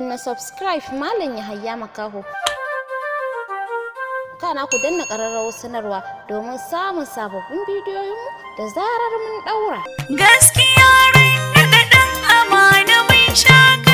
na subscribe Malam Yahaya Makaho. Kana ku danna ƙararrawar sanarwa domin samun sababbin bidiyoyinmu da zarar mun daura. Gaskiya rai da amana mai shaka.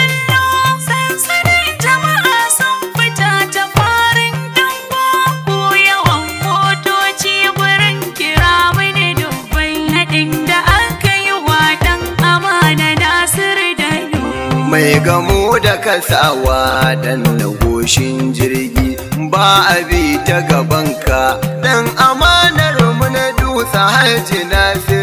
gamu da kasawa dan na goshin jirgi ba a bi ta gabanka dan amanar mu na dusa haji na fi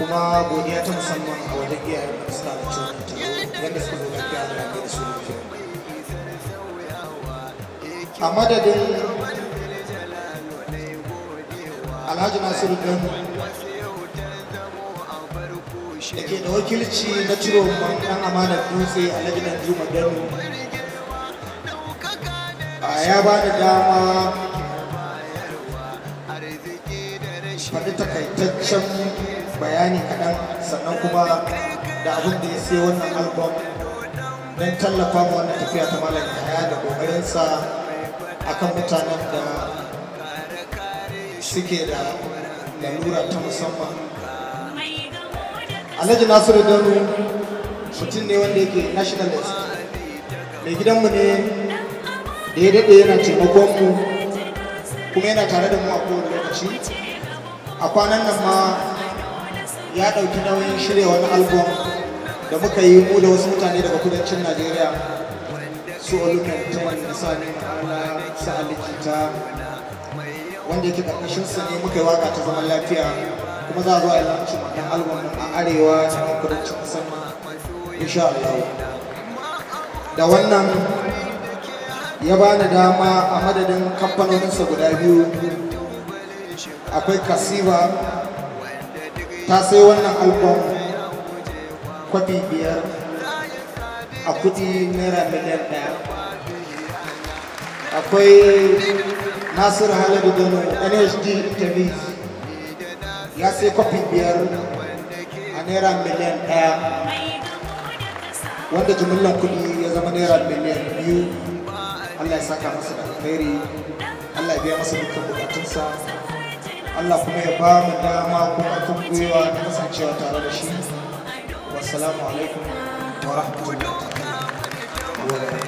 kuma godiya ta musamman a wajen iyayen da suka da ciwon taro wanda suka zo lafiya da lafiya da su a madadin alhaji nasiru gan da ke da wakilci na ciro ɗan amanar dutse a na juma gano ya ba da dama faɗi takaitaccen bayani kaɗan sannan kuma da abin da ya sai wannan album don tallafa ma wannan tafiya ta malam yaya da ƙoƙarinsa kan mutanen da suke da lalura ta musamman alhaji nasiru danu mutum ne wanda yake nationalist mai gidanmu ne da ya daɗe yana taimakon mu kuma yana tare da mu a kowane lokaci a kwanan nan ma ya ɗauki nauyin shirya wani album da muka yi mu da wasu mutane daga kudancin najeriya su olukan tuman misali sa sa'ali ta. wanda yake ƙarƙashin sa ne muka yi waka ta zaman lafiya kuma za a zo a yi wannan album a arewa cikin kudancin ƙasar insha Allah da wannan ya bani dama a madadin kamfanoninsa guda biyu akwai kasiba ta sai wannan album kwafi biyar a kudi naira miliyan daya akwai nasiru halabi da nhd TV ya sai kwafi biyar a naira miliyan daya wanda jimillan kudi ya zama naira miliyan biyu allah ya saka masa da alheri allah ya biya masa dukkan bukatunsa Allah kuma ya ba mu dama ko ƙarfin gwiwa ta kasancewa tare da shi wassalamu alaikum wa rahmatullahi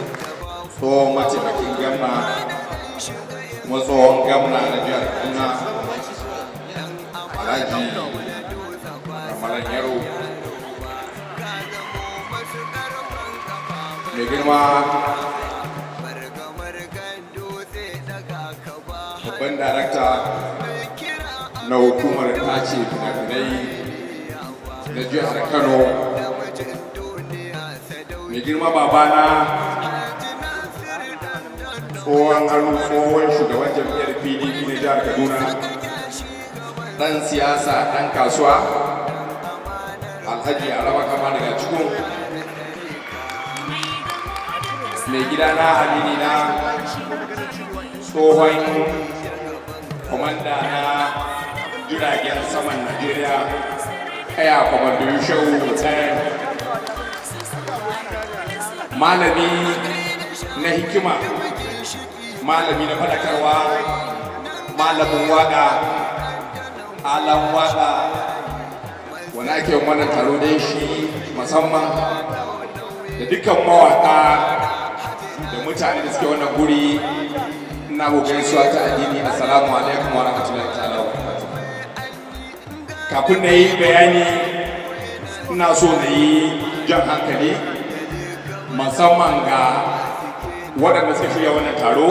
so mataimakin kuma tsohon gamna na jihar kaduna alhaji kamaran yaro mai girma babban darakta na hukumar tace fina-finai na jihar kano mai girma babana tsohon hannu tsohon shugaban jam'iyyar pdp na jihar kaduna ɗan siyasa ɗan kasuwa alhaji alama kama daga cikin mai na halini na tsohon kwamanda na jiragen saman Najeriya Air Commodore Shehu malami na hikima malami na fadakarwa malamin waka alan waka wani ake wannan taro da shi musamman da dukkan mawaka da mutane da suke wannan guri na kokarin su ta addini assalamu alaikum wa rahmatullahi ta'ala kafin na yi bayani ina so na yi jan hankali musamman ga waɗanda suka shirya wannan taro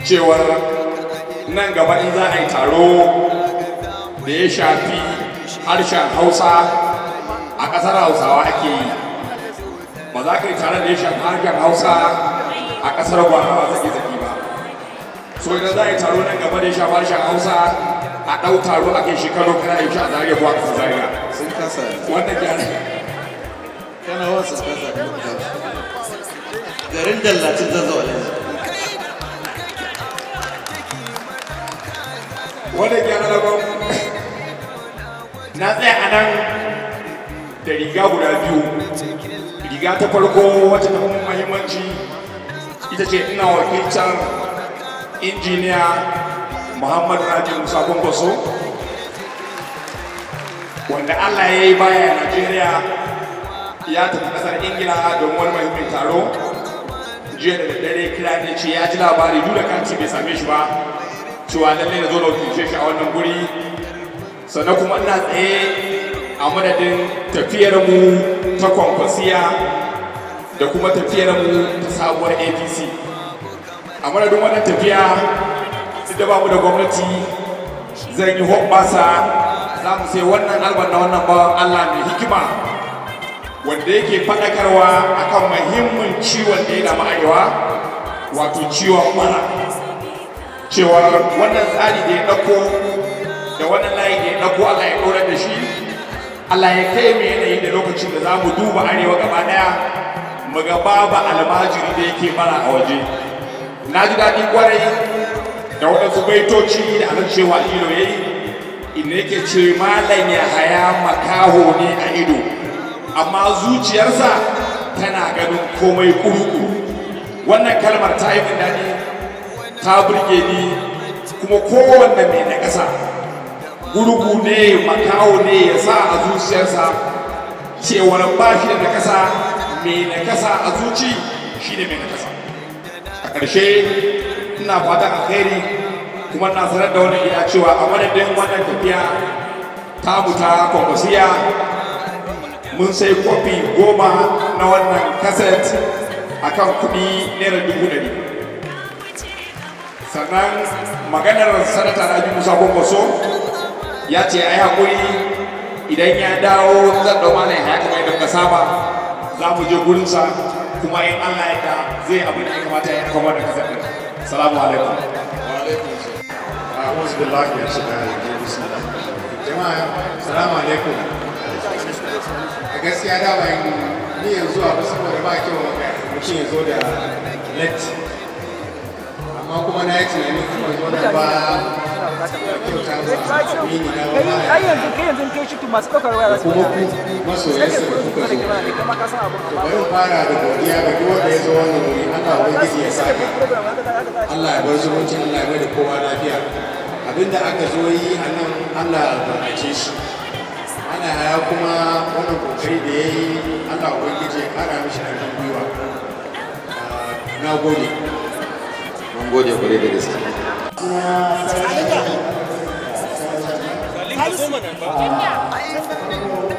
cewar nan gaba in za a yi taro da ya shafi harshen hausa a ƙasar hausawa ake yi ba za ka yi tare da ya shafi harshen hausa a ƙasar ba zaki zaki ba so idan za a yi taro nan gaba da ya shafi harshen hausa a ɗau taro a kai shi kano kana yin shi a zariya ko a ƙasar zariya sun kasa wannan gyara kana wa sun kasa garin dallacin zazzawa ne na ban na tsaya a nan da riga guda biyu riga ta farko wata ta fi muhimmanci ita ce ina wakiltar injiniya muhammad raji musa kwankwaso wanda allah ya yi baya a najeriya ya tafi kasar ingila don wani mahimmin taro jiya da daddare kira ne ce ya ji labari duk da kanci bai same shi ba cewa lalle na zo na wakilce shi a wannan guri sannan kuma ina tsaye a madadin mu ta kwankwasiya da kuma tafiyarmu ta sabuwar apc a madadin wannan tafiya duk da bamu da gwamnati zan yi hoɓasa za mu sai wannan alban na wannan bawan Allah mai hikima wanda yake faɗakarwa akan muhimmin ciwon da ya dama arewa wato ciwon mara cewa wannan tsari da ya ɗauko da wannan layi da ya ɗauko Allah ya ɗora da shi Allah ya kai mai yanayi da lokacin da za mu duba arewa gaba ɗaya muga babu almajiri da yake mara a waje na ji daɗi kwarai da waɗansu baitoci da anan cewa ido ya yi inda yake ce malam ya haya makaho ne a ido amma zuciyarsa tana ganin komai kuruku wannan kalmar ta yi daɗi ta burge ni kuma kowanne mai na ƙasa gurgu ne makaho ne ya sa a zuciyarsa cewar ba shi da ƙasa mai na ƙasa a zuci shi ne mai na ƙasa a ƙarshe ina fatan kairi kuma na sanar da wani gida cewa a madadin wannan tafiya ta buta ta mun sai kofi goma na wannan kaset a kan kuɗi naira dubu ɗari sannan maganar sanata rabi musa kwankwaso ya ce a yi haƙuri idan ya dawo zan ɗau mana ya kama idan saba za mu je gurinsa kuma in allah ya zai abin da ya kamata ya kama da kasar ɗin Salamu alaikum. Wa alaikum da salamu alaikum. A gaskiya da bayan ni yanzu a kusa da ba kyau mutum ya zo da late amma kuma na yi tunanin kuma na ba kyauta ba masu ɗaukar zo fara da godiya ga ya zo wannan wuri Allah ya bar zumunci Allah kowa lafiya abinda aka zo yi a nan Allah ya barkace shi ana haya kuma wannan kokari da ya yi Allah ubangiji ya kara mishi ƙarfin gwiwa ah, na gode Ngoja kulevele sana. Karibu.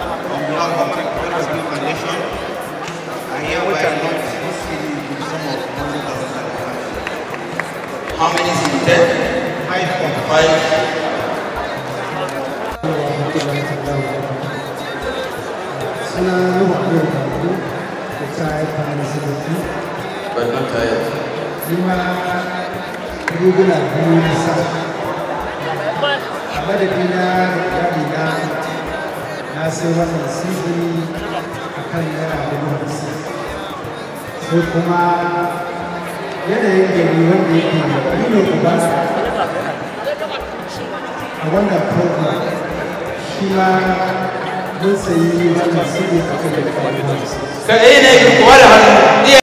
on behalf of the President Foundation, I hereby announce this CD to the sum of 100,000 How many is it dead? 5.5. Suna Nuhu Abdul Kalu, retired Prime A na sai wannan sifiri a kan naira dubu hamsin sai kuma yanayin gari wanda yake da ne uba a wannan program shima ma mun sayi wannan sifiri a